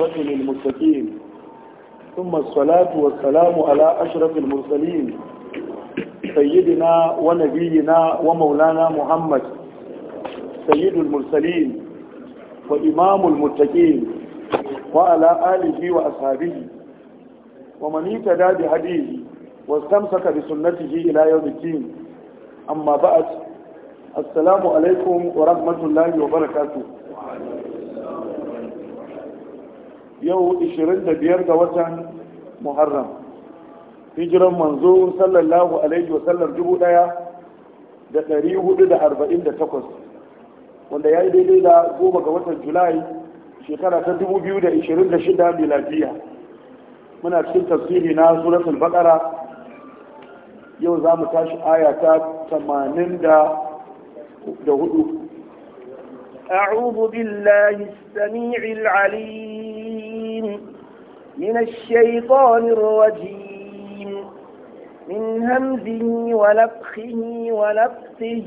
والعاقبة للمتقين ثم الصلاة والسلام على أشرف المرسلين سيدنا ونبينا ومولانا محمد سيد المرسلين وإمام المتقين وعلى آله وأصحابه ومن اهتدى بهديه واستمسك بسنته إلى يوم الدين أما بعد السلام عليكم ورحمة الله وبركاته yau 25 ga watan muharram hijiran manzo sallallahu alaihi wasallam dubu daya da ɗari hudu da arba'in da takwas wanda ya yi daidai da goma ga watan julai shekara ta dubu biyu da ishirin da shida miladiya muna cikin tafsiri na suratul baqara yau za mu tashi ayata ta tamanin da hudu أعوذ بالله السميع العليم من الشيطان الرجيم من همزه ونفخه ونفثه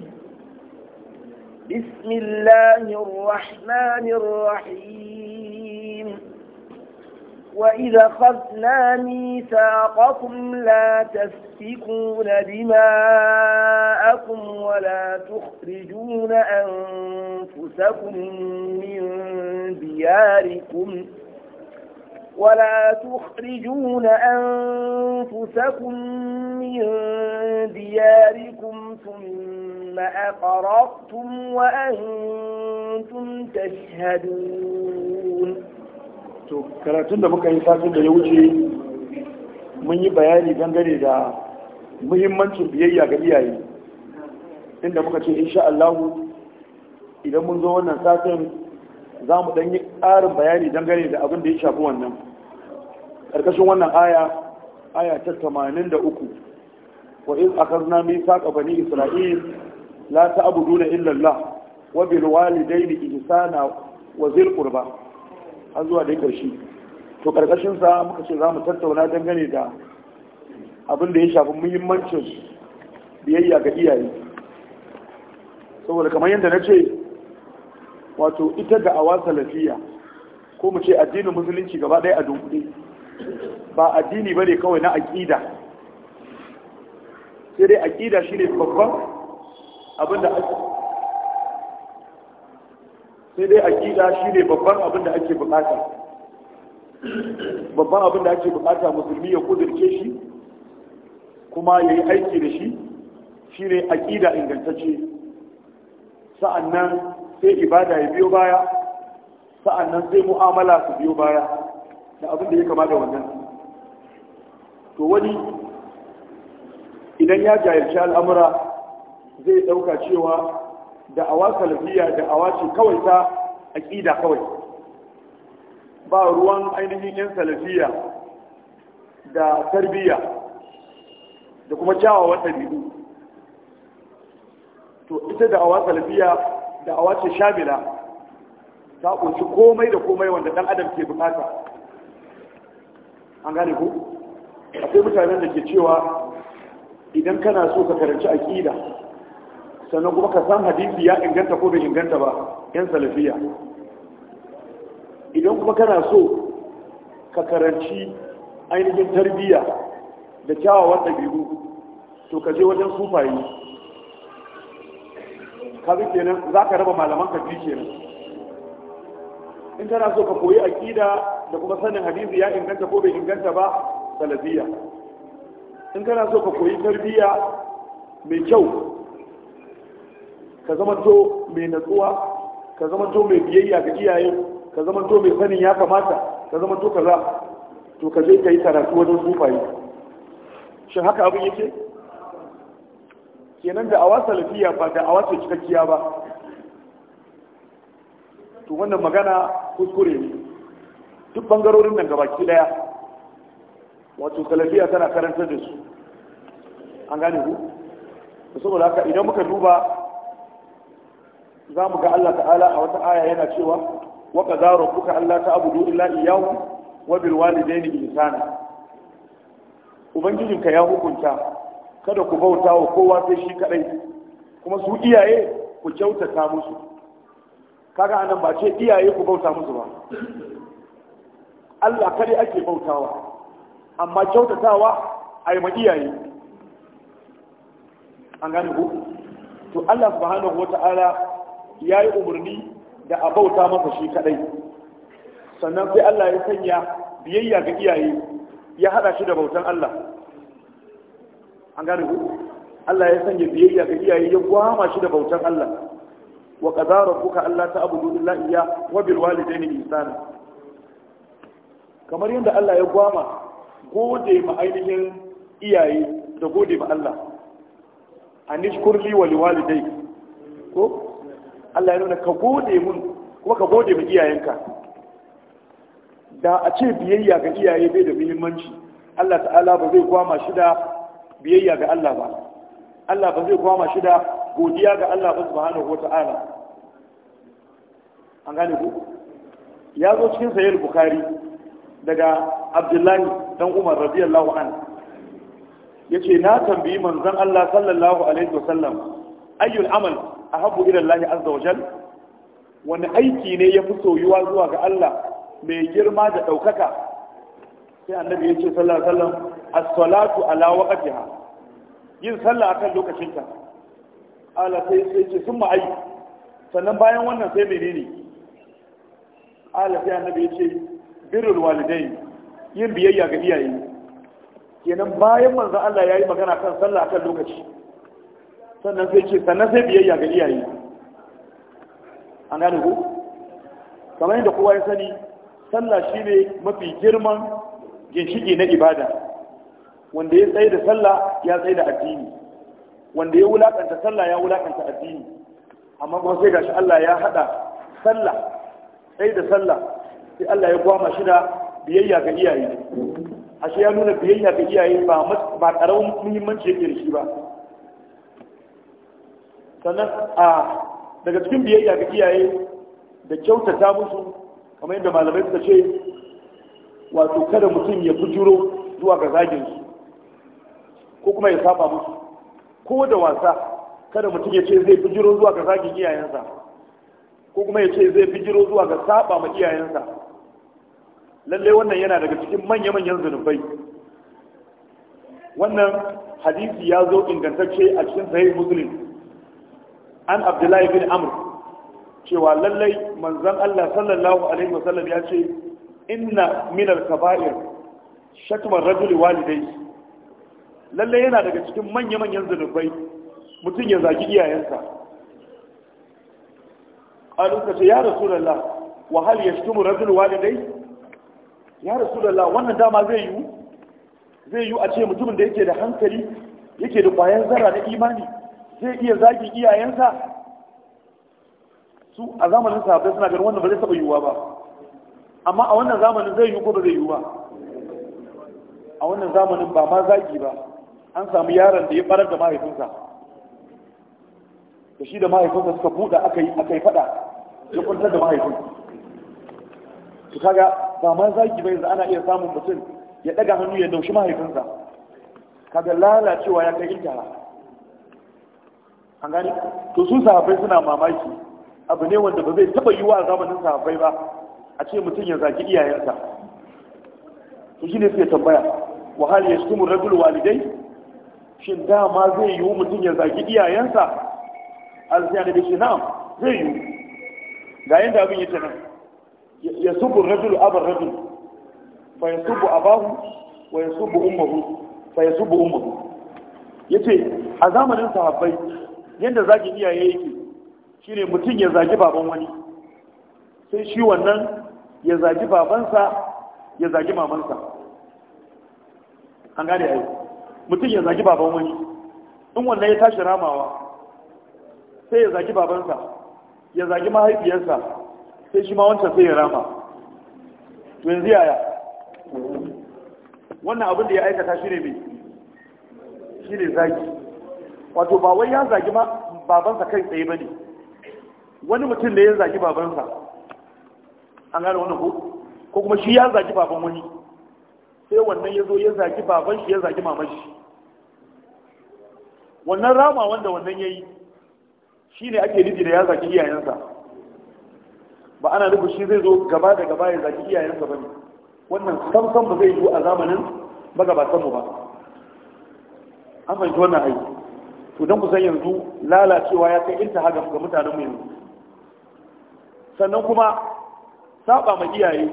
بسم الله الرحمن الرحيم وإذا خذنا ميثاقكم لا تسفكون دماءكم ولا تخرجون أنفسكم من دياركم ۖ ولا تخرجون أنفسكم من دياركم ثم أقررتم وأنتم تشهدون karatun da muka yi satin da ya wuce mun yi bayani dangane da muhimmancin biyayya ga iyaye inda muka ce insha Allah idan mun zo wannan satin za mu ɗan yi ƙarin bayani dangane da abin da ya shafi wannan ƙarƙashin wannan aya aya ta uku. wa iz mai saƙa bani isra'il la abu duna Allah wa bil da ihsana wa zil ƙurba har zuwa dai ƙarshe to ƙarƙashin sa muka ce za mu tattauna dangane da abin da ya shafi muhimmancin biyayya ga iyaye saboda kamar yadda na ce wato ita da awa salafiya ko mu ce addinin musulunci gaba ɗaya a dunkule ba addini ba ne kawai na aƙida sai dai aƙida shi ne babban abinda sai dai aƙida shi ne babban abinda ake bukata babban abinda ake bukata musulmi ya kudirce shi kuma ya yi aiki da shi shi ne aƙida ingantacce sa'annan sai ibada ya biyo baya sa'annan sai mu'amala su biyo baya da abin da ya kama da wannan to wani idan ya jayarci al'amura zai ɗauka cewa da awa salafiya da awa ce kawai ta aƙida kawai ba ruwan ainihin yan salafiya da tarbiyya da kuma kyawawan ɗabi'u to ita da awa salafiya da awa ce shamila ta kunshi komai da komai wanda ɗan adam ke bukata an gane ku akwai mutanen da ke cewa idan kana so ka karanci aqida sannan kuma ka san hadisi ya inganta ko bai inganta ba yan salafiya idan kuma kana so ka karanci ainihin tarbiyya da kyawawan ɗabi'u to ka je wajen sufayi kaga kenan za ka raba malaman ka fi kenan in tana so ka koyi aƙida da kuma sanin hadisi ya inganta ko bai inganta ba salafiya in kana so ka koyi tarbiyya mai kyau ka zama to mai natsuwa ka zama to mai biyayya ga iyaye ka zama to mai sanin ya kamata ka zama to kaza to ka je ka yi karatu wajen sufaye shin haka abin yake kenan da awa salafiya ba da awa ce cikakkiya ba to wannan magana kuskure ne duk bangarorin nan gabaki daya wato salafiya tana karantar da su an gane ku da saboda haka idan muka duba za mu ga Allah ta'ala a wata aya yana cewa wa qadara rabbuka ta ta'budu illa iyyahu wa bil walidaini ihsana ubangijinka ya hukunta kada ku bauta wa kowa sai shi kadai kuma su iyaye ku kyautata musu kaga anan ba ce iyaye ku bauta musu ba Allah kare ake bautawa amma kyautatawa a yi ma iyaye an gane ku to Allah subhanahu wata'ala ya yi umarni da a bauta masa shi kadai sannan sai Allah ya sanya biyayya ga iyaye ya hada shi da bautan Allah an gane ku Allah ya sanya biyayya ga iyaye ya gwama shi da bautan Allah wa qadara Allah ta abudu illa iya wa bil walidaini ihsana kamar yadda Allah ya gwama gode ma ainihin iyaye da gode ma Allah anishkur li wa liwalidayk ko Allah ya nuna ka gode mun kuma ka gode ma iyayenka da a ce biyayya ga iyaye bai da muhimmanci Allah ta'ala ba zai gwama shi da biyayya ga Allah ba Allah ba zai kwama shi da godiya ga Allah ba subhanahu wata'ala an gane ku ya zo cikin sahih bukhari daga abdullahi dan umar radiyallahu an yace na tambayi manzon Allah sallallahu alaihi wasallam ayyul amal ahabbu ila Allah azza wa jal wani aiki ne ya fi soyuwa zuwa ga Allah mai girma da ɗaukaka sai annabi ya ce sallallahu alaihi wasallam as-salatu ala waqtiha yin sallah akan lokacinta ala sai sai ce sun ma'ai sannan bayan wannan sai menene ala sai annabi ya ce birrul walidai yin biyayya ga iyaye kenan bayan manzon Allah ya yi magana kan sallah akan lokaci sannan sai ce sannan sai biyayya ga iyaye an gane ku kamar yadda kowa ya sani sallah shine mafi girman ginshiki na ibada wanda ya tsaye da sallah ya tsaye da addini wanda ya wulakanta sallah ya wulakanta addini amma kuma sai gashi Allah ya hada sallah sai da sallah sai Allah ya kwama shi da biyayya ga iyaye ashe ya nuna biyayya ga iyaye ba ba karamin muhimmanci yake da shi ba sannan a daga cikin biyayya ga iyaye da kyautata musu kamar yadda malamai suka ce wato kada mutum ya bujuro zuwa ga zaginsu ko kuma ya saba musu ko da wasa kada mutum ya ce zai bijiro zuwa ga zagin iyayensa ko kuma ya ce zai bijiro zuwa ga saba ma iyayensa lalle wannan yana daga cikin manya-manyan zunubai wannan hadisi ya zo ingantacce a cikin sahih muslim an abdullahi bin amr cewa lallai manzon Allah sallallahu alaihi wasallam ya ce inna minal kaba'ir shatmar rajuli walidayhi lalle yana daga cikin manya-manyan zunubai mutum ya zagi iyayensa qalu ka ce ya rasulullah wa hal dai? rajul walidai ya rasulullah wannan dama zai yi zai yi a ce mutumin da yake da hankali yake da ƙwayan zara na imani zai iya zagin iyayensa su a zamanin sahabbai suna ganin wannan ba zai saba yiwuwa ba amma a wannan zamanin zai yiwu ko ba zai yiwu ba a wannan zamanin ba ma zagi ba an samu yaron da ya barar da mahaifinsa da shi da mahaifinsa suka buɗe aka yi fada ya kuntar da mahaifin Su kaga ba ma zaki bai yanzu ana iya samun mutum ya daga hannu ya daushi mahaifinsa kaga lalacewa ya kai intara an gani to su sahabbai suna mamaki abu ne wanda ba zai taba yi wa zamanin sahabbai ba a ce mutum ya zaki iyayensa ne su suke tambaya ya shi kuma rajul walidai shin dama zai yiwu mutum ya zagi iyayensa alfiya da shi na'am zai yiwu ga yadda abin yi tana ya subu rajul abar rajul fa ya subu abahu wa ya subu umaru fa ya subu Ya ce a zamanin sahabbai yadda zaki iyaye yake shine mutum ya zagi baban wani sai shi wannan ya zagi babansa ya zagi mamansa an gane aiki mutum ya zagi baban wani in wannan ya tashi ramawa sai ya zagi babansa ya zagi mahaifiyarsa sai shi ma wancan sai ya rama to yanzu yaya wannan abin da ya aikata shi ne mai shi ne zagi wato ba wai ya zagi ma babansa kai tsaye ba ne wani mutum da ya zagi babansa an gane wannan ko ko kuma shi ya zagi baban wani sai wannan ya zo ya zaki baban shi ya zaki maman shi wannan rama wanda wannan ya yi shi ne ake nufi da ya zaki iyayensa ba ana nufin shi zai zo gaba da gaba ya zaki iyayensa ba ne wannan samsam ba zai yi a zamanin magabatanmu ba an fahimci wannan aiki to don kusan yanzu lalacewa ya kai inta haga ga mutanenmu yanzu sannan kuma saba ma iyaye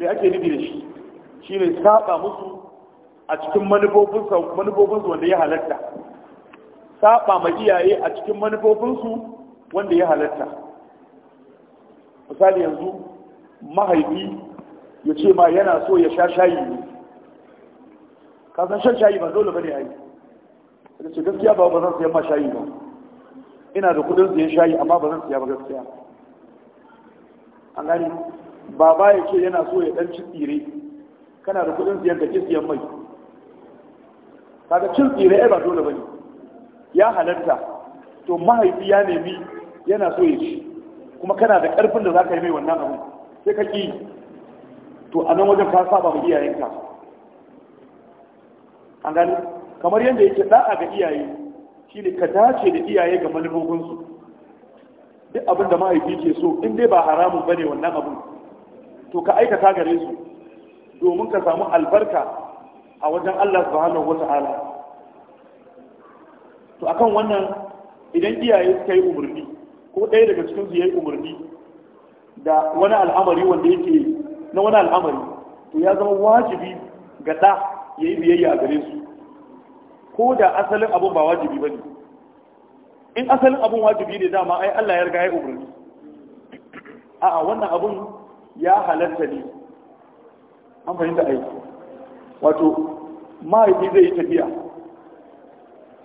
da ake nufi da shi shi ne saba musu a cikin manufofinsu wanda ya halatta saba ma iyaye a cikin manufofinsu wanda ya halatta misali yanzu mahaifi ya ce ma yana so ya sha shayi ne kasan shan shayi ba dole ba ne a yi da ce gaskiya ba ba zan siya ma shayi ba ina da kudin siyan shayi amma ba zan siya ba gaskiya an gani baba ya ce yana so ya dan ci tsire kana da kudin siyan kake siyan mai kaga cin tsire ai ba dole bane ya halarta to mahaifi ya nemi yana so ya ci kuma kana da karfin da za ka yi mai wannan abu sai ka ƙi to a nan wajen ka saba ma iyayenka an gani kamar yadda yake da'a ga iyaye shine ka dace da iyaye ga manufofinsu duk abin da mahaifi ke so in dai ba haramun bane wannan abun to ka aikata gare su domin ka samu albarka a wajen Allah subhanahu wata'ala to akan wannan idan iyaye suka yi umarni ko ɗaya daga cikin su yi umarni da wani al'amari wanda yake na wani al'amari to ya zama wajibi ga ɗa ya yi biyayya a gare su ko da asalin abun ba wajibi ba ne in asalin abun wajibi ne dama ai Allah ya riga ya umarni a'a wannan abun ya halatta ne an fahimta aiki wato mahaifi zai yi tafiya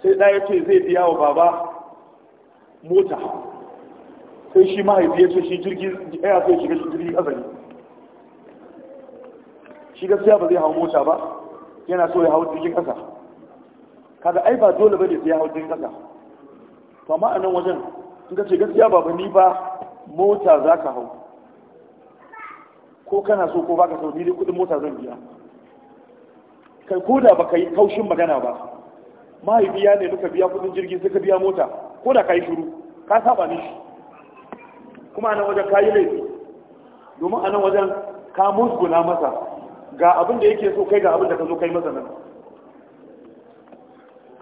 sai ɗaya ce zai biya wa baba mota sai shi mahaifi ya ce shi jirgin ya sai shiga shi jirgin azari shi gaskiya ba zai hau mota ba yana so ya hau jirgin ƙasa kaga ai ba dole ne sai ya hau jirgin ƙasa to amma a nan wajen in ka ce gaskiya baba ni ba mota za ka hau ko kana so ko baka so ni dai kudin mota zan biya kai ko da baka yi kaushin magana ba mahaifiya ne muka biya kudin jirgi sai ka biya mota ko da kai shiru ka saba ni shi kuma nan wajen yi laifi domin nan wajen ka musguna masa ga abin da yake so kai ga abin da ka zo kai masa nan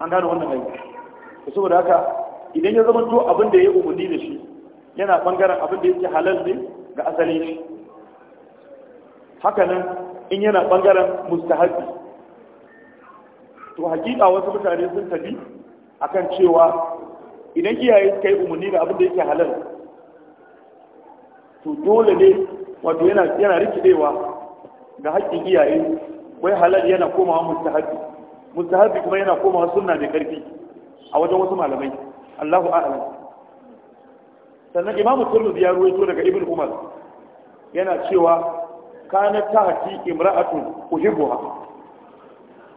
an gano wannan aiki da saboda haka idan ya zama to abin da ya umarni da shi yana bangaren abin da yake halal ne ga asalin shi hakanan in yana bangaren mustahabi to hakika wasu mutane sun tafi akan cewa idan iyaye suka yi umarni da abin da yake halal to dole ne wato yana rikidewa ga haƙƙin iyaye wai halal yana komawa mustahabi mustahabi kuma yana komawa sunna mai karfi a wajen wasu malamai Allahu a'lam sannan imamu turmuzi ya ruwaito daga ibn umar yana cewa kana tahti imra'atun uhibbuha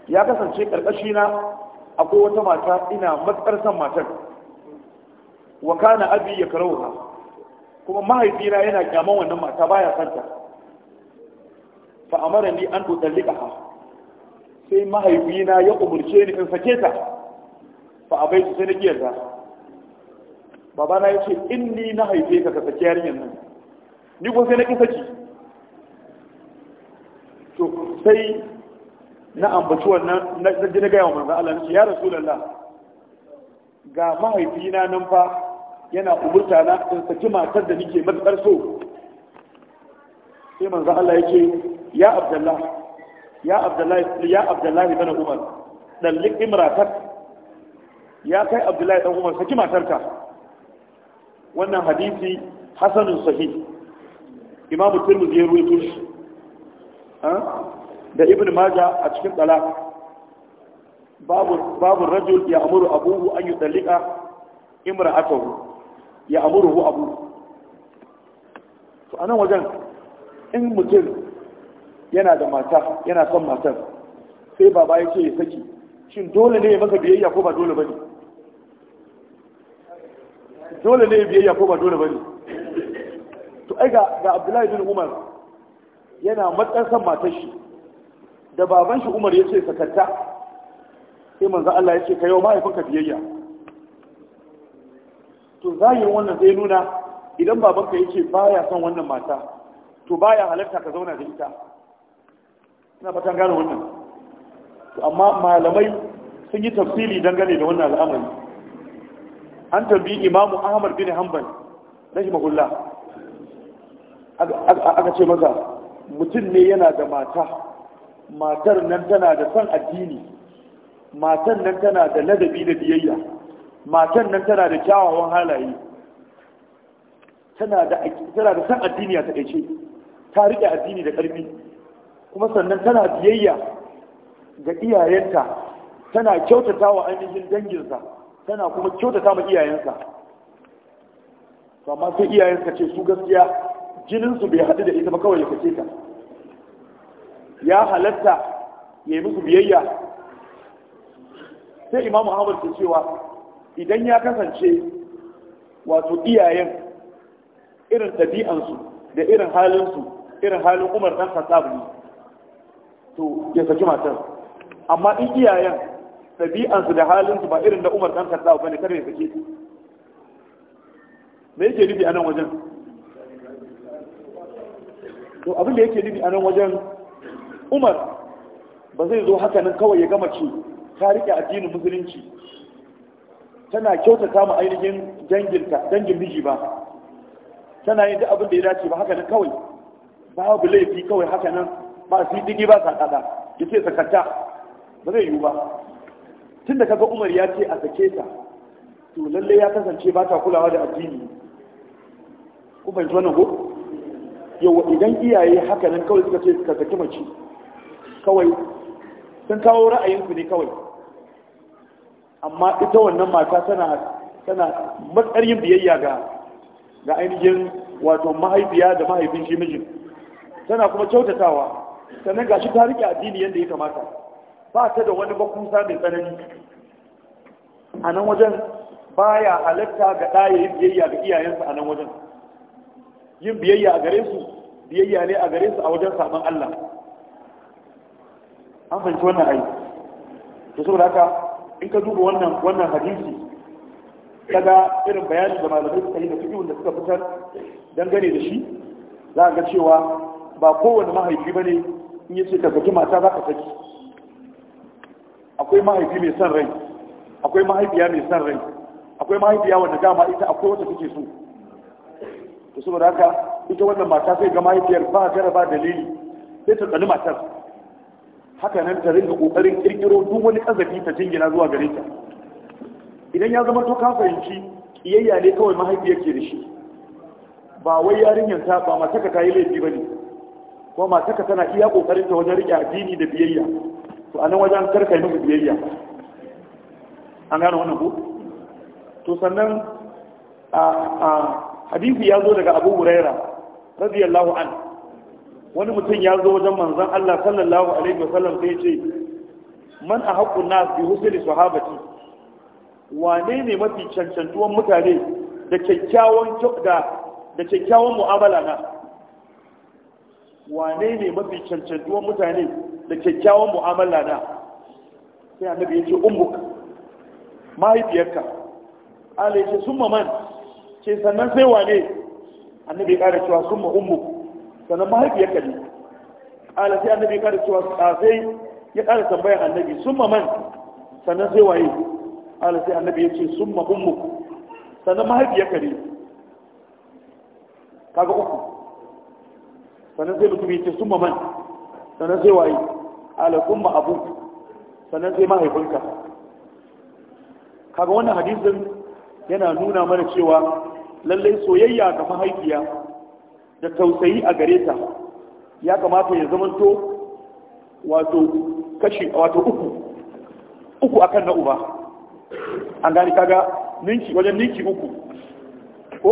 ya kasance karkashi na akwai wata mata ina matsar san matar wa kana abi ya karauha kuma mahaifina yana kyaman wannan mata baya santa fa amara ni an tudallika sai mahaifina ya umurce ni in sake ta fa abai sai na yarda babana ya ce inni na haife ka ka sake yarinyan nan ni ko sai na ki sai na ambaci wannan na ji na gaya wa manzan Allah nace ya lalla ga mahaifina nan fa yana kuburta na in saki matar da nike matsar so sai manzan Allah ce ya abdullah ya abdullah ya abdullah ibn umar dallik imratak ya kai abdullahi dan umar saki matarka wannan hadisi hasanun sahih imamu tirmidhi ya ruwaito shi da ibn maja a cikin tsala, babu babu rajul ya amuru abuhu an yi yudallika imra'atahu ya amuruhu abu to anan wajen in mutum yana da mata yana son matar sai baba ya ce ya saki shin dole ne ya masa biyayya ko ba dole bane dole ne biyayya ko ba dole bane to ai ga ga Abdullahi bin Umar yana matsar son matar shi da baban shi umar ya ce sakatta sai manzo Allah ya ce ka yau mahaifinka biyayya to zahirin wannan zai nuna idan babanka ya ce baya son wannan mata to baya halarta ka zauna da ita ina fatan gane wannan to amma malamai sun yi tafsiri dangane da wannan al'amari an tambayi imamu ahmad bin hanbal rahimahullah aka ce maza mutum ne yana da mata matar nan tana da son addini matar nan tana da ladabi da biyayya matar nan tana da kyawawan halaye tana da son addini a takaice ta riƙe addini da ƙarfi kuma sannan tana biyayya ga iyayenta tana kyautata wa ainihin danginsa tana kuma kyautata ma iyayensa amma sai iyayensa ce su gaskiya jininsu bai haɗu da ita ba kawai ya kace ta ya halatta ya yi musu biyayya sai Imam ahmad ta cewa idan ya kasance wato iyayen irin ɗabi'ansu da irin halinsu irin halin umar dan khattab ne to ya saki matar amma in iyayen ɗabi'ansu da halinsu ba irin da umar dan khattab bane kada ya saki? me yake nufi a nan wajen to abin da yake nufi a nan wajen umar ba zai zo haka nan kawai ya gama ce ta riƙe addinin musulunci tana kyautata mu ainihin danginta dangin miji ba tana yin duk abin da ya dace ba haka nan kawai babu laifi kawai haka nan ba su yi digi ba sa kada ya ce sakata ba zai yiwu ba tun da kaga umar ya ce a sake ta to lalle ya kasance ba ta kulawa da addini ku fahimci wannan ko yau idan iyaye haka nan kawai suka ce suka saki mace kawai sun kawo ra'ayinku ne kawai amma ita wannan mata tana tana matsayin biyayya ga ainihin wato mahaifiya da mahaifin shi mijin tana kuma kyautatawa sannan ga shi ta rike addini yadda ya kamata ba ta da wani makusa mai tsanani a nan wajen baya halatta ga ɗaya yin biyayya ga iyayensa a nan wajen yin biyayya a gare su biyayya ne a gare su a wajen saman Allah an fahimci wannan ayi to saboda haka in ka duba wannan wannan hadisi kaga irin bayanin da malamai suka yi da fiqhun da suka fitar dangane da shi za ga cewa ba kowane mahaifi bane in yace ka saki mata za ka saki akwai mahaifi mai son rai akwai mahaifiya mai son rai akwai mahaifiya wanda dama ita akwai wata suke so to saboda haka ita wannan mata sai ga mahaifiyar ba gara ba dalili sai ta tsani matar haka nan ta rinka kokarin kirkiro duk wani kazafi ta jingina zuwa gare ta idan ya zama to ka fahimci iyayya ne kawai mahaifiyar ke da shi ba wai yarinyar ta ba mata ta yi laifi ba ne ko ka tana iya kokarin ta wajen rike addini da biyayya to a nan wajen karka yi biyayya an gane wannan ko to sannan a hadisi ya zo daga abu huraira radiyallahu anhu wani mutum ya zo wajen manzan Allah sallallahu alaihi wasallam sai ce man a haƙƙun nas bi husni sahabati wane ne mafi cancantuwan mutane da kyakkyawan da da kyakkyawan mu'amala na wane ne mafi cancantuwan mutane da kyakkyawan mu'amala na sai annabi ya ce ummuk mahaifiyarka Allah ya ce summa man ce sannan sai wane annabi ya kara cewa summa ummuk sannan mahaifi ya ne ala sai annabi ya ƙara cewa sai ya ƙara tambayar annabi summa man sannan sai waye ala sai annabi ya ce summa ummu sannan mahaifi ka ne kaga uku sannan sai mutum ya ce summa man sannan sai waye sun ma abu sannan sai mahaifinka kaga wannan hadisin yana nuna mana cewa lallai soyayya ga mahaifiya da tausayi a gare ta ya kamata ya zamanto wato kashi wato uku uku akan na uba an gani kaga ninki wajen ninki uku ko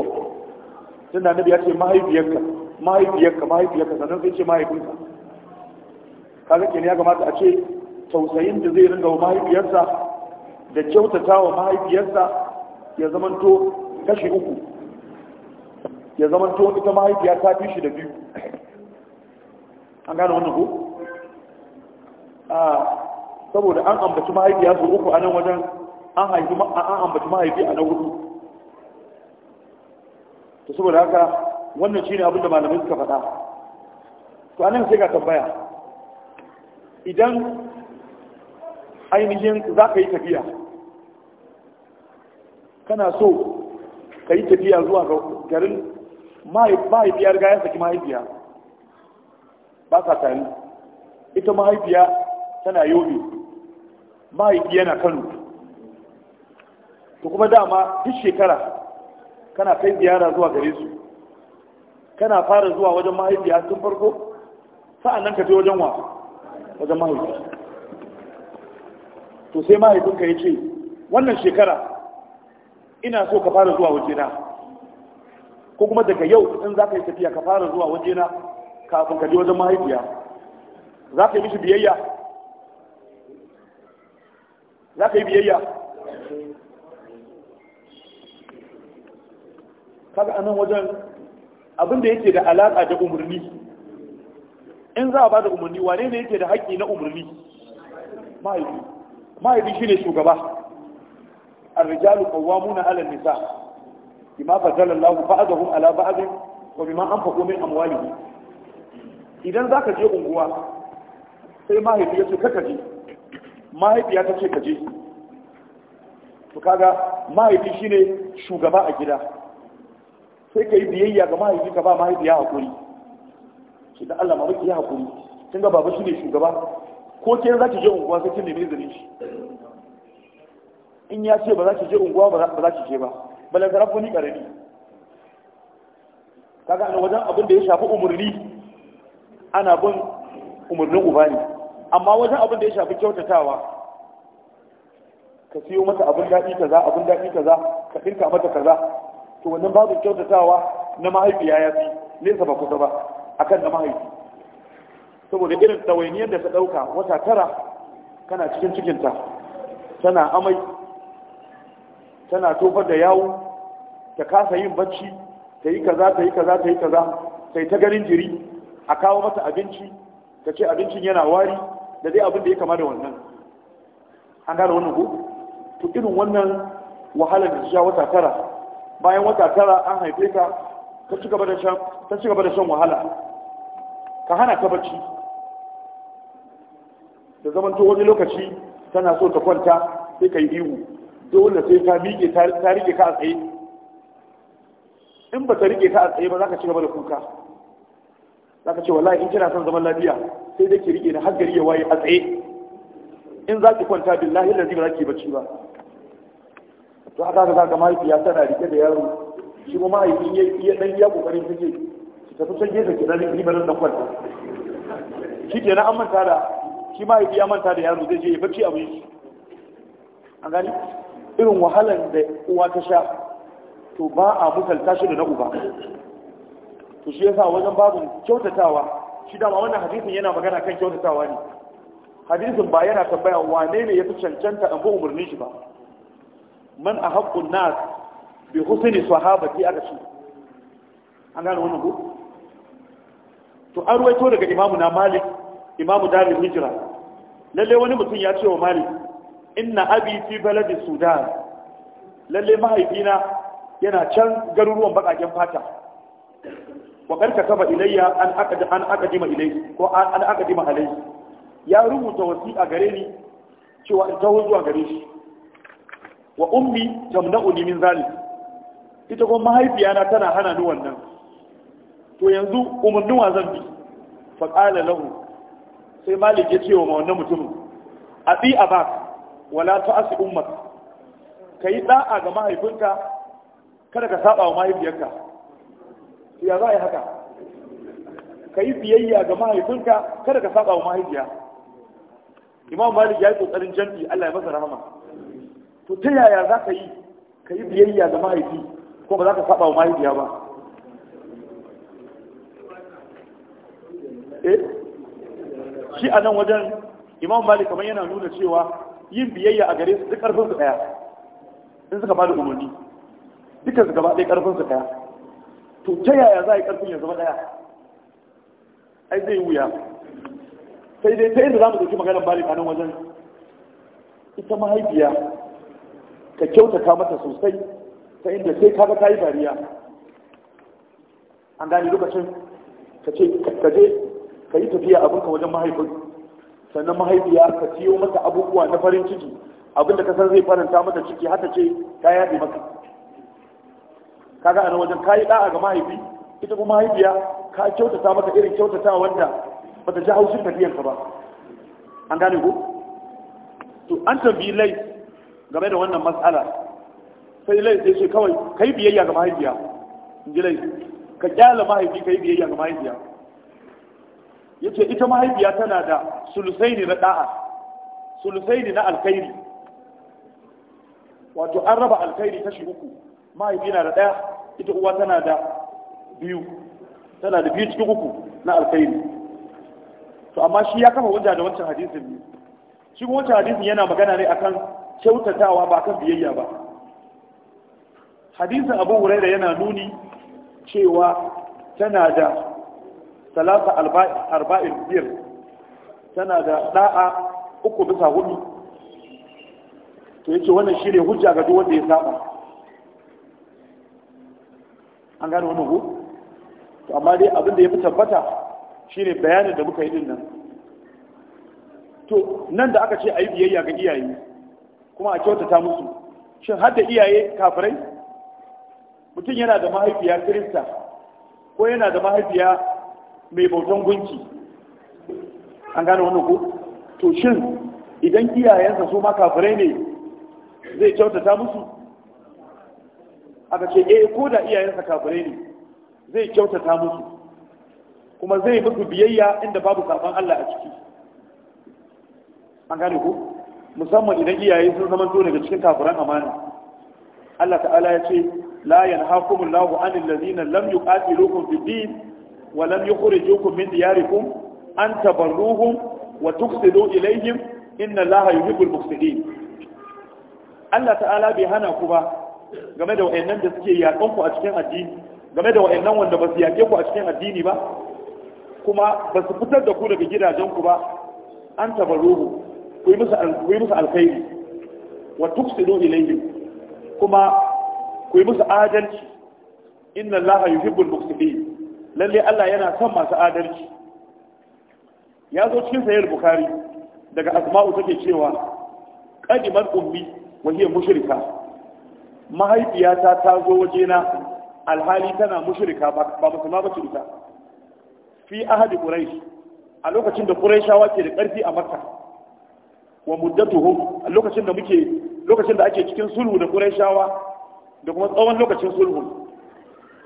tun da nabi ya ce mahaifiyarka mahaifiyarka mahaifiyarka sannan sai ce mahaifinka kaga kenan ya kamata a ce tausayin da zai ringa wa mahaifiyarsa da kyautata wa mahaifiyarsa ya zamanto kashi uku ya zama to ita mahaifiya ta fi shi da biyu an gane wannan ko a saboda an ambaci mahaifiya su uku a nan wajen an haifi an ambaci mahaifi a na hudu to saboda haka wannan shine abin da malamai suka faɗa to anan sai ga tambaya idan ainihin za ka yi tafiya kana so ka yi tafiya zuwa garin mahaifiya riga ya saki mahaifiya ba sa tari ita mahaifiya tana yobe mahaifi yana kano to kuma dama duk shekara kana kai ziyara zuwa gare su kana fara zuwa wajen mahaifiya tun farko sa'an nan ka je wajen wa wajen mahaifi to sai mahaifinka ya ce wannan shekara ina so ka fara zuwa wajena ko kuma daga yau in za ka yi tafiya ka fara zuwa wajena kafin ka je wajen mahaifiya za ka yi mishi biyayya za ka yi biyayya kaga anan wajen abin da yake da alaƙa da umarni in za a ba da umarni wane ne yake da haƙƙi na umarni mahaifi mahaifi shine shugaba الرجال قوامون على النساء bima fadala Allahu ba'dahum ala ba'd wa bima anfaqu min amwalihim idan ka je unguwa sai mahaifi ya ce kaka je mahaifiya ta ce ka je to kaga mahaifi shine shugaba a gida sai ka yi biyayya ga mahaifi ka ba mahaifiya haƙuri. shi da Allah mamaki ya haƙuri? kin ga baba shine shugaba ko ke za ki je unguwa sai kin nemi izinin shi in ya ce ba za ki je unguwa ba za ki je ba balantana ko ni karami kaga a wajen abin da ya shafi umarni ana bin umarnin uba ne amma wajen abin da ya shafi kyautatawa ka siyo mata abin daɗi kaza abin daɗi kaza ka ɗinka mata kaza to wannan babu kyautatawa na mahaifi ya fi nesa ba kusa ba akan na mahaifi saboda irin ɗawainiyar da ta ɗauka wata tara kana cikin cikinta tana amai tana tofar da yawo ta kasa yin bacci ta yi kaza ta yi kaza ta yi kaza sai ta ganin jiri a kawo mata abinci ta ce abincin yana wari da dai abin da ya kama da wannan an gane wannan ko to irin wannan wahalar da ta wata tara bayan wata tara an haife ka ta ci gaba da shan wahala ka hana ta bacci da zamanto wani lokaci tana so ta kwanta sai ka yi ihu dole sai ta miƙe ta rike ka a tsaye in ba ta rike ka a tsaye ba za ka ci gaba da kuka za ka ce wallahi in kina son zaman lafiya sai dai ki rike da haggari ya waye a tsaye in za ki kwanta billahi lazi ba za ki bacci ba to haka ka ga mahaifiya tana rike da yaro shi kuma mahaifin ya dan iya kokarin suke ki tafi can gefe ki dan ribar da kwanta shi kenan an manta da shi mahaifi ya manta da yaro zai je ya bacci a wuyi an gani irin wahalan da uwa ta sha to ba a misalta shi da na uba to shi yasa wajen babin kyautatawa shi dama wannan hadisin yana magana kan kyautatawa ne hadisin ba yana tambaya wane ne ya fi cancanta an bi shi ba man a haƙƙun nas bi husni sahabati aka shi an gane wannan ko to an ruwaito daga imamu na malik imamu dalil hijira lalle wani mutum ya ce wa malik inna abi fi baladi sudan lalle mahaifina yana can garuruwan bakaken fata wa karka kaba ilayya an akadi an ma ilayhi ko an ma alayhi ya rubuta wasiqa gare ni cewa in taho zuwa gare shi wa ummi ni min zalik ita kuma mahaifiyana tana hana ni wannan to yanzu umarnin zan bi fa qala lahu sai malik ya ce wa wannan mutumin abi abak wala ta'asi ummat kai da'a ga mahaifinka kada ka saba wa mahaifiyarka ya za a yi haka kai biyayya ga mahaifinka kada ka saba wa mahaifiya imam malik ya yi kokarin jami'i Allah ya masa rahama to ta yaya za ka yi ka yi biyayya ga mahaifi ko ba za ka saba wa mahaifiya ba eh shi a nan wajen imam malik kamar yana nuna cewa yin biyayya a gare su duk ƙarfinsu ɗaya in suka bada umarni dukkan su gaba ɗaya ƙarfinsu ɗaya to ta yaya za a yi ƙarfin ya zama ɗaya ai zai wuya sai dai ta yadda za mu ɗauki maganar bari a nan wajen ita mahaifiya ka kyautata mata sosai ta inda sai kaga ta yi dariya an gane lokacin ka ce ka je ka yi tafiya abinka wajen mahaifin sannan mahaifiya ka ciyo mata abubuwa na farin ciki abinda ka san zai faranta mata ciki haka ce ka yaɗe maka kaga a wajen kayi ɗa'a ga mahaifi ita kuma mahaifiya ka kyautata mata irin kyautata wanda bata ji haushin tafiyarka ba an gane ko to an tambayi lai game da wannan matsala sai lai sai ce kawai kai biyayya ga mahaifiya in ji lai ka kyala mahaifi kai biyayya ga mahaifiya yace ita mahaifiya tana da sulusaini na da'a sulusaini na alkhairi wato an raba alkhairi kashi uku mahaifi na da daya ita uwa tana da biyu tana da biyu cikin uku na alkhairi to amma shi ya kama wanda da wancan hadisin ne shi wancan hadisin yana magana ne akan kyautatawa ba kan biyayya ba hadisin abu hurairah yana nuni cewa tana da talata arba'in biyar tana da da'a uku bisa hudu to yace wannan shi ne hujja ga duk wanda ya saba an gane wannan ko to amma dai abin da ya fi tabbata shi ne bayanin da muka yi din nan to nan da aka ce a yi biyayya ga iyaye kuma a kyautata musu shin har da iyaye kafirai mutum yana da mahaifiya kirista ko yana da mahaifiya mai bautan gunki an gane wani ko to shin idan iyayensa su ma kafirai ne zai kyautata musu aka ce eh ko da iyayensa kafirai ne zai kyautata musu kuma zai musu biyayya inda babu saban Allah a ciki an gane ko musamman idan iyaye sun zama to daga cikin kafiran amana Allah ta'ala ya ce la yanhaqumullahu anil ladina lam yuqatilukum fid din walam yukhrijukum min diyarikum an tabarruhum wa tuqsidu ilayhim inna allaha yuhibbul muqsidin Allah ta'ala bai hana ku ba game da wayannan da suke yakan ku a cikin addini game da wayannan wanda ba su yake ku a cikin addini ba kuma ba su fitar da ku daga gidajen ku ba an tabarruhu ku yi musu alkhairi wa tuqsidu ilayhim kuma ku yi musu adalci inna allaha yuhibbul muqsidin lalle Allah yana son masu adalci ya zo cikin sayar bukari daga asma'u take cewa kadimar ummi wa hiya mushrika mahaifiyata ta zo wajena alhali tana mushrika ba musulma ba ita fi ahadi quraish a lokacin da quraishawa ke da karfi a makka wa muddatuhu a lokacin da muke lokacin da ake cikin sulhu da quraishawa da kuma tsawon lokacin sulhu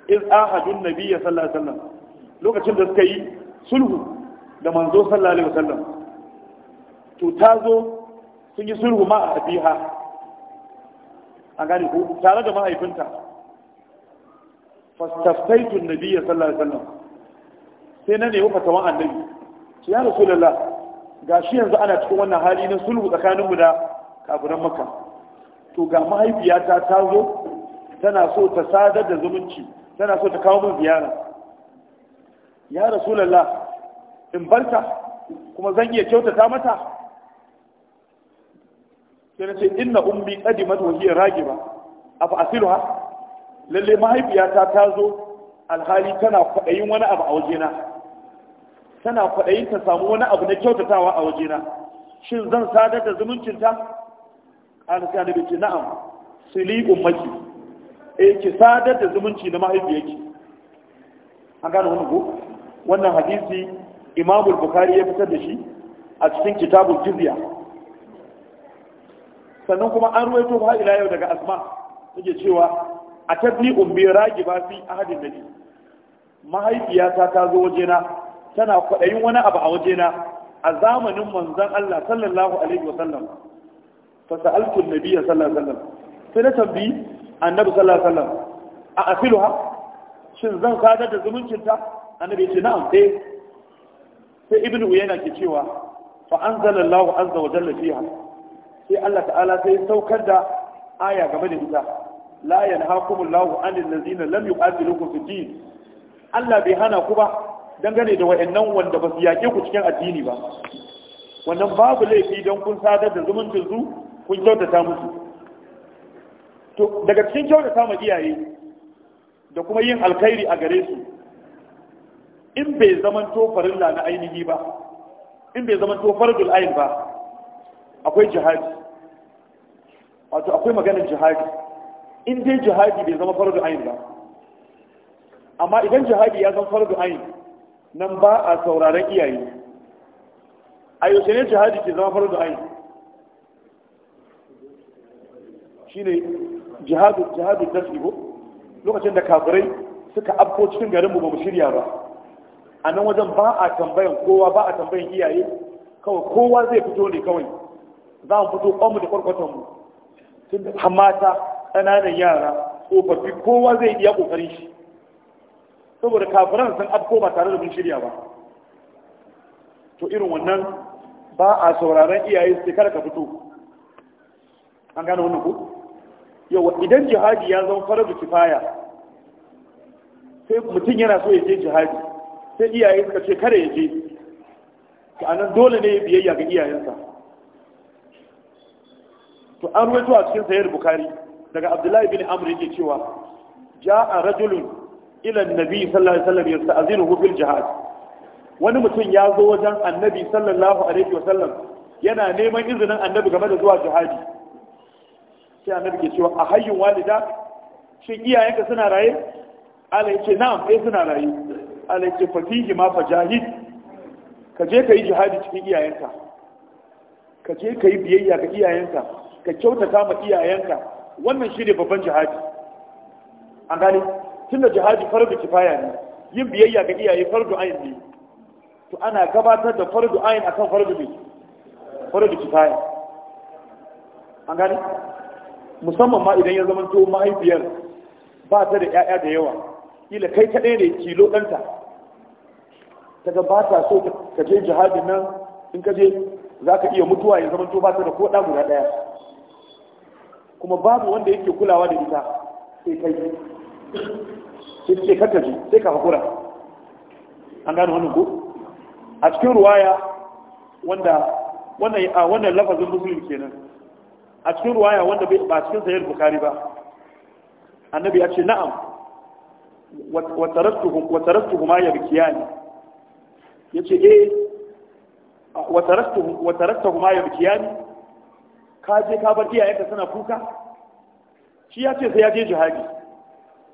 iz ahadun nabiyya sallallahu alaihi wasallam lokacin da suka yi sulhu da manzo sallallahu alaihi wasallam to tazo sun yi sulhu ma a abiha an gane ko tare da mahaifinta fastaftaitu nabiyya sallallahu alaihi wasallam sai na nemi wa annabi ya rasulullah gashi yanzu ana cikin wannan hali na sulhu tsakaninmu da kafiran makka to ga mahaifiyata ta zo tana so ta sadar da zumunci tana so ta kawo min ziyara ya rasulullah in barta kuma zan iya kyautata mata sai na ce inna ummi qadimat wa hiya ragiba afa asiluha lalle mahaifiyata ta zo alhali tana kwadayin wani abu a wajena tana kwaɗayin ta samu wani abu na kyautatawa a wajena shin zan sadar da zumuncinta ƙalisa da ce na'am sili ummaki eh ki sadar da zumunci da mahaifiyarki an gane wannan ko wannan hadisi Imam Bukhari ya fitar da shi a cikin kitabul jizya sannan kuma an ruwaito ba ila yau daga Asma take cewa a tabni umbi ba fi ahadin nabi mahaifiyata ta zo wajena tana kwaɗayin wani abu a wajena a zamanin manzon Allah sallallahu alaihi wa sallam fa sa'altu an sallallahu alaihi wa sai na tambayi annabi sallallahu alaihi wasallam a asiluha shin zan sadar da zumuncinta annabi ce na'am eh sai ibnu uyayna ke cewa fa anzalallahu azza wa jalla fiha sai Allah ta'ala sai saukar da aya game da ita la yanhaqumullahu anil ladzina lam yuqatilukum fid din Allah bai hana ku ba dangane da wayannan wanda ba su yake ku cikin addini ba wannan babu laifi don kun sadar da zumuncin su kun kyautata musu to daga cikin kyau da ma iyaye da kuma yin alkhairi a gare su in bai zaman tofarin la na ainihi ba in bai zaman tofar fardul ayin ba akwai jihadi wato akwai maganar jihadi in dai jihadi bai zama fardul ayin ba amma idan jihadi ya zama fardul ayin nan ba a sauraron iyaye a yaushe ne jihadi ke zama fardul ayin shine jihadu jihadu tasbihu lokacin da kafirai suka afko cikin garinmu ba mu shirya ba a nan wajen ba a tambayan kowa ba a tambayan iyaye kawai kowa zai fito ne kawai za mu fito kwanmu da kwarkwatonmu tun da hamata ƙananan yara tsofaffi kowa zai iya ƙoƙarin shi saboda kafiran sun afko ba tare da mun shirya ba to irin wannan ba a sauraron iyaye su kada ka fito an gane wannan ku yawa idan jihadi ya zama faradu kifaya sai mutum yana so ya je jihadi sai iyaye suka ce kare ya je to anan dole ne ya biyayya ga iyayensa to an ruwaito a cikin sayar bukari daga abdullahi bin amr yake cewa ja a rajulun ilan nabi sallallahu alaihi wasallam yasta'zinuhu fil jihad wani mutum ya zo wajen annabi sallallahu alaihi wasallam yana neman izinin annabi game da zuwa jihadi sai annabi ke cewa a hayyun walida shin iyayenka suna raye ala yake na'am eh suna raye ala yace fatihi ma fajahid ka je ka yi jihadi cikin iyayenka ka je ka yi biyayya ga iyayenka ka kyautata ma iyayenka wannan shi ne babban jihadi an gane tunda jihadi fardu kifaya ne yin biyayya ga iyaye fardu ayin ne to ana gabatar da fardu ayin akan fardu ne fardu kifaya an gane musamman ma idan ya zama to mahaifiyar ba ta da 'ya'ya da yawa kila kai kaɗai ne kilo ɗanta Daga ba ta so ka je jihadin nan in ka je za ka iya mutuwa ya zama to ba ta da ko ɗa guda ɗaya kuma babu wanda yake kulawa da ita sai kai sai ce kaka ji sai ka hakura an gano wannan ko a cikin ruwaya wanda wannan lafazin musulun kenan a cikin ruwaya wanda bai ba cikin sayar bukari ba annabi ya ce na'am watarattuhu ma yabkiyani ya ce eh watarattuhu ma bikiyani? ka je ka bar ka suna kuka shi ya ce sai ya je jihadi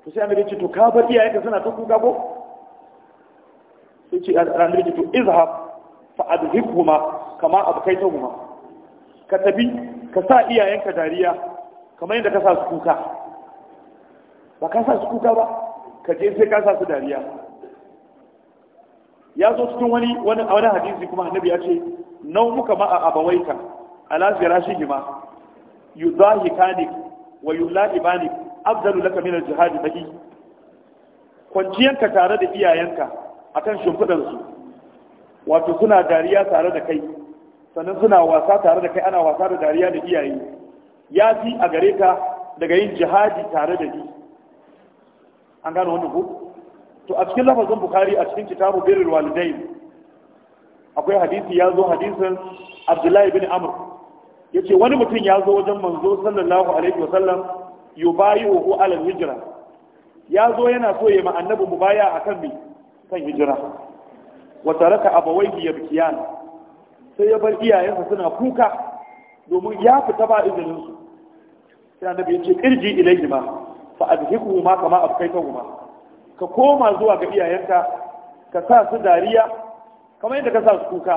to sai annabi ya ce to ka bar ka suna ta kuka ko sai ce annabi ya ce to izhab fa adhibhuma kama abkaitahuma ka tabi ka sa iyayenka dariya kamar yadda ka sa su kuka ba ka sa su kuka ba ka je sai ka sa su dariya ya zo cikin wani wani wani hadisi kuma annabi ya ce muka ma a abawaika ala firashihima yudahikanik wa yula'ibanik Abdalu laka min Jihadi, baki kwanciyanka tare da iyayenka akan kan wato suna dariya tare da kai sannan suna wasa tare da kai ana wasa da dariya da iyaye ya fi a gare ka daga yin jihadi tare da ni an gano wani ku to a cikin lafazin bukari a cikin kitabu birrul walidai akwai hadisi ya zo hadisin abdullahi bin Amur. ya ce wani mutum ya zo wajen manzo sallallahu alaihi wasallam yu bayi uku alal hijira ya zo yana so ya ma'annabi mu baya a kan bi kan hijira wa taraka abawaihi yabkiyan sai ya bar iyayensa suna kuka domin ya fita ba izinin su sai annabi ya ce irji ma fa adhiku ma kama huma ka koma zuwa ga iyayenka ka sa su dariya kamar yadda ka sa su kuka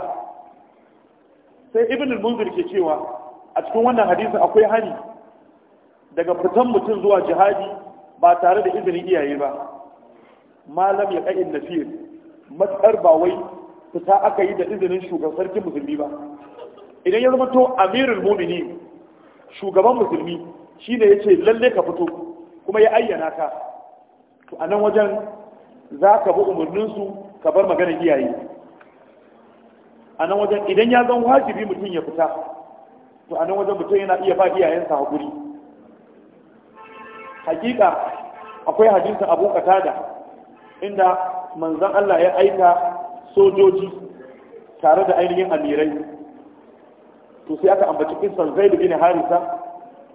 sai ibn al-munzir ke cewa a cikin wannan hadisi akwai hani daga fitan mutum zuwa jihadi ba tare da izinin iyaye ba malam ya kai nafir matsar ba wai fita aka yi da izinin shugaban sarkin musulmi ba idan ya zama to amirul mumini shugaban musulmi shi ne ya ce lalle ka fito kuma ya ayyana ka to a nan wajen za ka bi umarninsu ka bar maganar iyaye a nan wajen idan ya zama wajibi mutum ya fita to a nan wajen mutum yana iya ba iyayensa haƙuri hakika akwai hadisin abu katada inda manzan Allah ya aika sojoji tare da ainihin amirai to sai aka ambaci kisan Zaidu bin harisa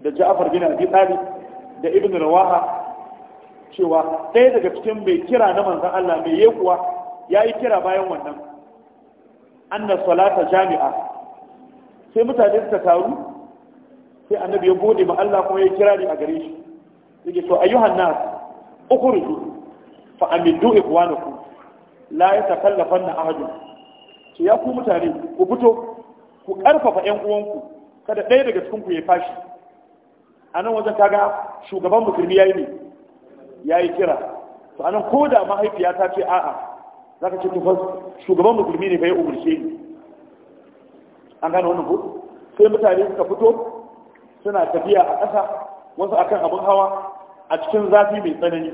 da ja'far bin abi talib da ibn rawaha cewa ɗaya daga cikin mai kira na manzan Allah mai ya yi kira bayan wannan anna salata jami'a sai mutane suka taru sai annabi ya gode ma Allah kuma ya kira ni a gare shi yake to ayyuhan nas ukhruju fa amiddu la ya takallafan na ahadu ce ya ku mutane ku fito ku ƙarfafa 'yan uwanku kada ɗaya daga cikin ku ya fashi a nan wajen kaga shugaban musulmi ya yi ne ya kira to a nan ko da mahaifiya ta ce a'a za ka ce tufas shugaban musulmi ne bai umarce ni an gane wannan ko sai mutane suka fito suna tafiya a ƙasa wasu akan abin hawa a cikin zafi mai tsanani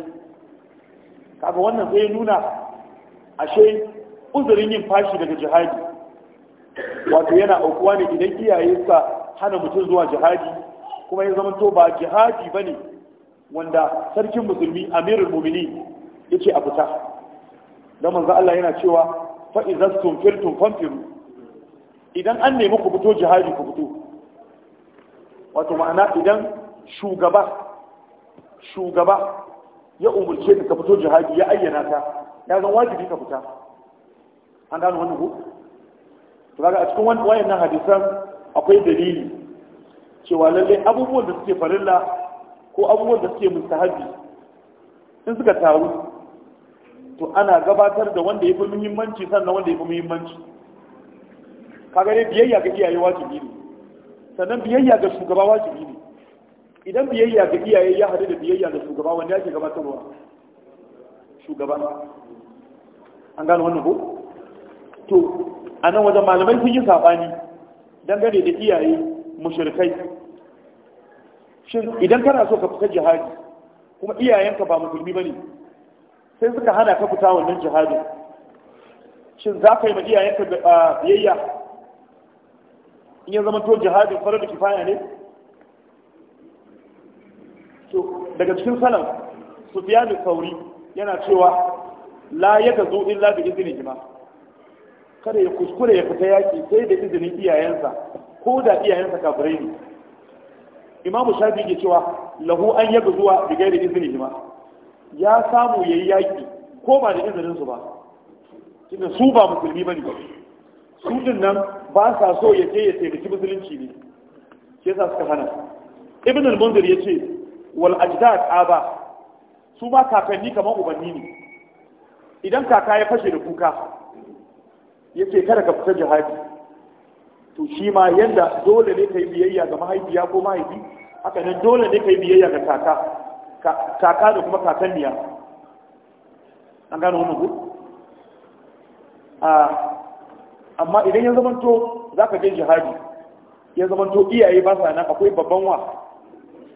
kaga wannan sai ya nuna ashe uzurin yin fashi daga jihadi wato yana aukuwa ne idan iyaye sa hana mutum zuwa jihadi kuma ya zama to ba jihadi ba ne wanda sarkin musulmi amirul mumini yake a fita don manzo Allah yana cewa fa izastum firtum fanfiru idan an nemi ku fito jihadi ku fito wato ma'ana idan shugaba shugaba ya umurce ka fito jihadi ya ayyana ta daga wajibi ka fita an gano wani hu? to kaga a cikin wayannan hadisan akwai dalili cewa lalle abubuwan da suke farilla ko abubuwan da suke mustahabi in suka taru to ana gabatar da wanda ya fi muhimmanci sannan wanda ya fi muhimmanci kaga dai biyayya ga iyaye wajibi ne sannan biyayya ga shugaba wajibi ne idan biyayya ga iyaye ya haɗu da biyayya ga shugaba wanda ke gabatarwa shugaba an gano wannan ko to a nan wajen malamai sun yi saɓani dangane da iyaye mushrikai shin idan kana so ka fita jihadi kuma iyayenka ba musulmi ba ne sai suka hana ka fita wannan jihadin shin za ka yi ma iyayenka biyayya in ya zama to jihadin farar da kifaya ne to daga cikin salaf sufyan al sauri. yana cewa la yaka zo illa da izinin jima kada ya kuskure ya fita yaƙi, sai da izinin iyayensa ko da iyayensa kafirai ne imam shafi ke cewa lahu an yaga zuwa da gairi izinin jima ya samu ya yi yaƙi, ko ba da izininsu ba tunda su ba musulmi ba. su din nan ba sa so ya je ya taimaki musulunci ne ke sa suka hana ibn al-munzir ce, wal ajdad aba su ma kakanni kamar ubanni ne idan kaka ya fashe da kuka ya ce kada ka fita jihadi to shi ma yadda dole ne ka yi biyayya ga mahaifiya ko mahaifi haka nan dole ne ka yi biyayya ga kaka kaka da kuma kakanniya an gano wannan ku amma idan ya zamanto za ka je jihadi ya zamanto iyaye ba sa nan akwai babban wa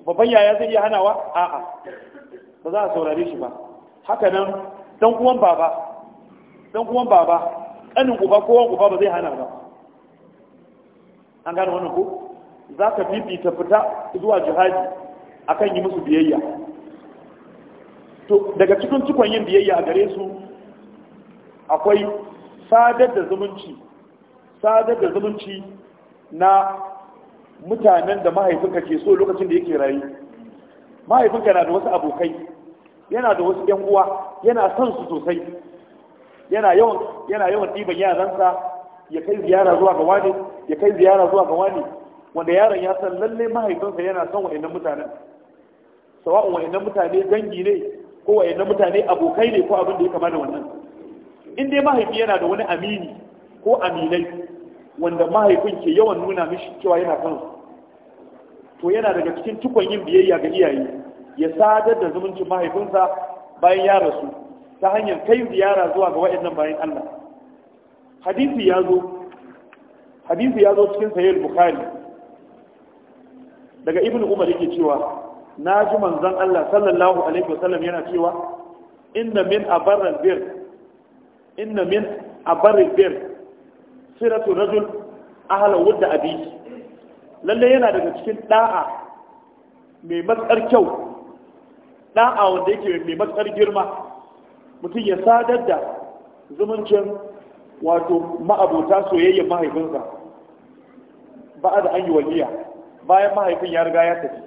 babban yaya zai iya hanawa a'a ba za a saurare shi ba haka nan dan uwan baba dan uwan baba kanin uba kowan uba ba zai hana ba an gane wannan ko za ka fifita fita zuwa jihadi akan yi musu biyayya to daga cikin cikon yin biyayya a gare su akwai sadar da zumunci sadar da zumunci na mutanen da mahaifinka ke so lokacin da yake rayu mahaifinka na da wasu abokai yana da wasu yan uwa yana son su sosai yana yawan yana yawan ɗiban yaransa ya kai ziyara zuwa ga wani ya kai ziyara zuwa ga wani wanda yaron ya san lalle mahaifinsa yana son wa'annan mutanen sawa'un wa'annan mutane dangi ne ko wa'annan mutane abokai ne ko abin da ya kama da wannan in dai mahaifi yana da wani amini ko aminai wanda mahaifin ke yawan nuna mishi cewa yana son to yana daga cikin tukon yin biyayya ga iyaye ya sadar da zumuncin mahaifinsa bayan ya rasu ta hanyar kai ziyara zuwa ga nan bayan Allah hadisi ya zo cikin sayar bukhari daga ibn umar yake cewa na ji manzan Allah sallallahu alaihi wasallam yana cewa inna min barar bir inna min barar bir siratu rajul ahla wadda abi lalle yana daga cikin ɗa'a mai matsar kyau da'a wanda yake mai matsar girma mutum ya sadar da zumuncin wato ma'abota soyayyen mahaifinsa ba da an yi waliya bayan mahaifin ya riga ya tafi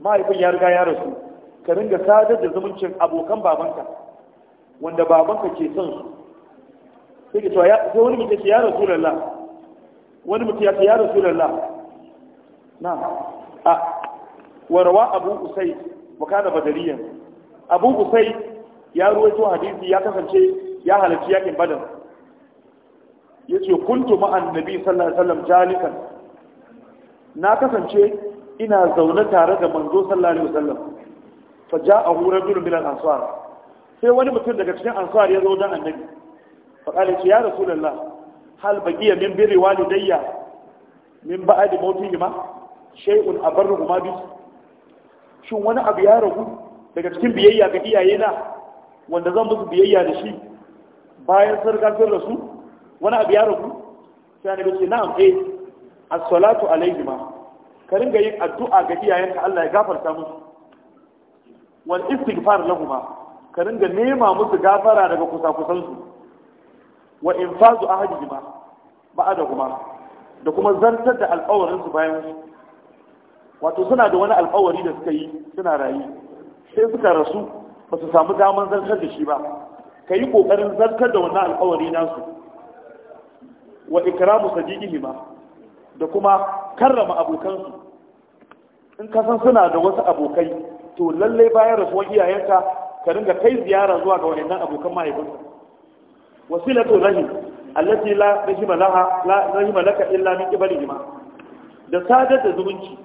mahaifin ya riga ya rasu ka ringa sadar da zumuncin abokan babanka wanda babanka ke son su sai ka wani mutum ya rasu lalla wani mutum ya ya rasu lalla na a warawa abu usai wa badariya abu kusai ya to hadisi ya kasance ya halarci yakin badar yace kuntu ma'an nabi sallallahu alaihi wasallam jalisan na kasance ina zaune tare da manzo sallallahu alaihi wasallam fa ja'a rajulun min al-ansar sai wani mutum daga cikin ansar ya zo dan annabi fa qala ya rasulullah hal baqiya min bi riwalidayya min ba'di mautihima shay'un ma bihi shin wani abu ya ragu daga cikin biyayya ga iyaye na wanda zan musu biyayya da shi bayan sun riga rasu wani abu ya ragu sai annabi bace na'am eh as-salatu ma ka ringa yin addu'a ga iyayenka Allah ya gafarta musu wal istighfar lahum ka ringa nema musu gafara daga kusa su wa infazu ahadihima ba'adahuma da kuma zantar da su bayan wato suna da wani alkawari da suka yi suna rayu sai suka rasu ba su samu damar zartar da shi ba ka yi ƙoƙarin zartar da wannan alkawari nasu wa ikramu sadiqihi ma da kuma karrama abokansu in ka san suna da wasu abokai to lallai bayan rasuwar iyayenka ka ringa kai ziyara zuwa ga wayannan abokan mahaifinka wasilatu rahim allati la rahima laha la rahima laka illa min qibalihima da sadar da zumunci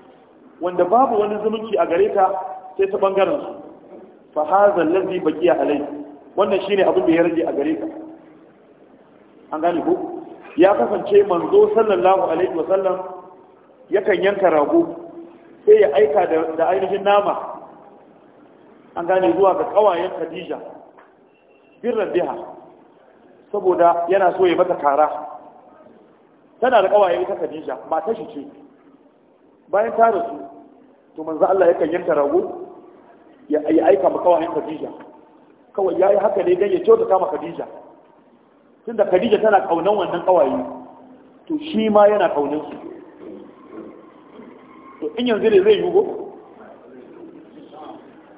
wanda babu wani zumunci a gare ta sai ta bangaren su fa hazal ladhi baqiya alai wannan shine abin da ya rage a gare ta an gane ko ya kasance manzo sallallahu alaihi wasallam yakan yanka rago sai ya aika da ainihin nama an gane zuwa ga kawayen Khadija birran biha saboda yana so ya mata kara tana da kawaye ita Khadija matar shi ce bayan ta rasu to manzo Allah ya yanka rago ya aika ma kawai Khadija kawai yayi haka ne dan ya kyautata ma Khadija tunda Khadija tana kaunan wannan kawaye to shi ma yana kaunan su to in yanzu ne zai yugo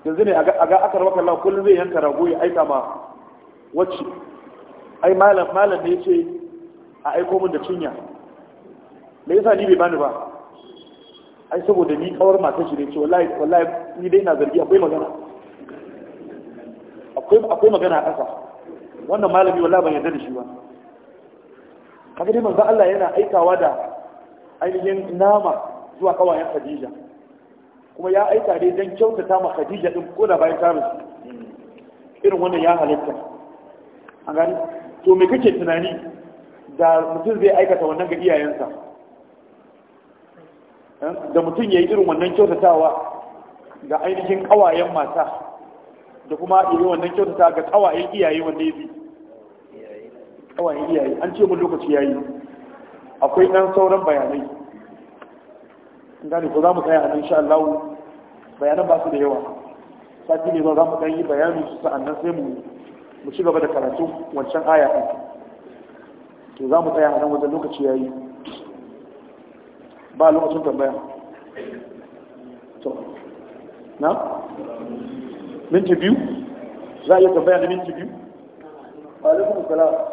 yanzu ne a ga aka rabaka Allah kullum zai yanka rago ya aika ma wacce ai malam malam ne yace a aiko min da cinya me yasa ni bai bani ba ai saboda ni kawar mata shi ne ce wallahi wallahi ni dai na zargi akwai magana akwai akwai magana a ƙasa wannan malami wallahi ban yarda da shi ba kaga dai manzo Allah yana aikawa da ainihin nama zuwa kawayen Khadija kuma ya aika dai dan kyautata ma Khadija din ko da bayan samun irin wannan ya halitta an gani to me kake tunani da mutum zai aikata wannan ga iyayensa da mutum ya yi irin wannan kyautatawa ga ainihin ƙawayen mata da kuma ya wannan kyautata ga ƙawayen iyaye wanda ya bi ƙawayen iyaye an ce mun lokaci ya yi akwai ɗan sauran bayanai gani ko za mu kai a nan Allah bayanan ba su da yawa sati ne za mu ɗan yi bayani su sa'annan sai mu ci gaba da karatu wancan aya ɗin to za mu kai a nan wajen lokaci ya yi ba lokacin tambaya to na minti biyu za a yi tambaya da minti biyu alaikun kula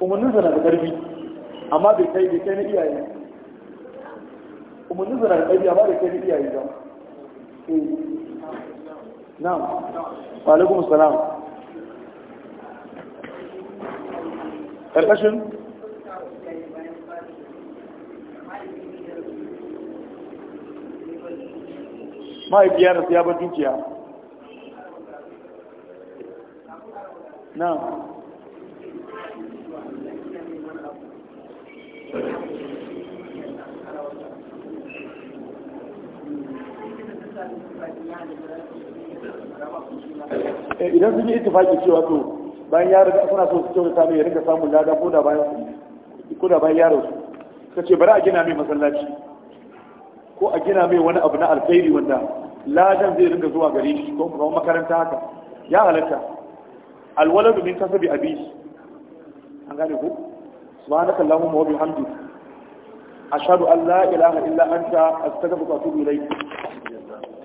umarnin zana da ƙarfi amma bai kai bai kai na iyaye umarnin zana da ƙarfi amma bai kai na iyaye ba eh. na'am wa alaikum salam karkashin mahaifiya da siya bar dukiya na Thank you. Eh, idan sun yi ittifaki cewa to bayan ya da suna so su da mai ya rinka samun lada ko da bayan ko da yaro su ka ce bari a gina mai masallaci ko a gina mai wani abu na alkhairi wanda ladan zai rinka zuwa gare shi ko kuma makaranta haka ya halatta alwaladu min kasabi abi an gane ku na kallon wa bihamdika a shaɗu allah ilaha illa anta astaghfiruka su bi ilayk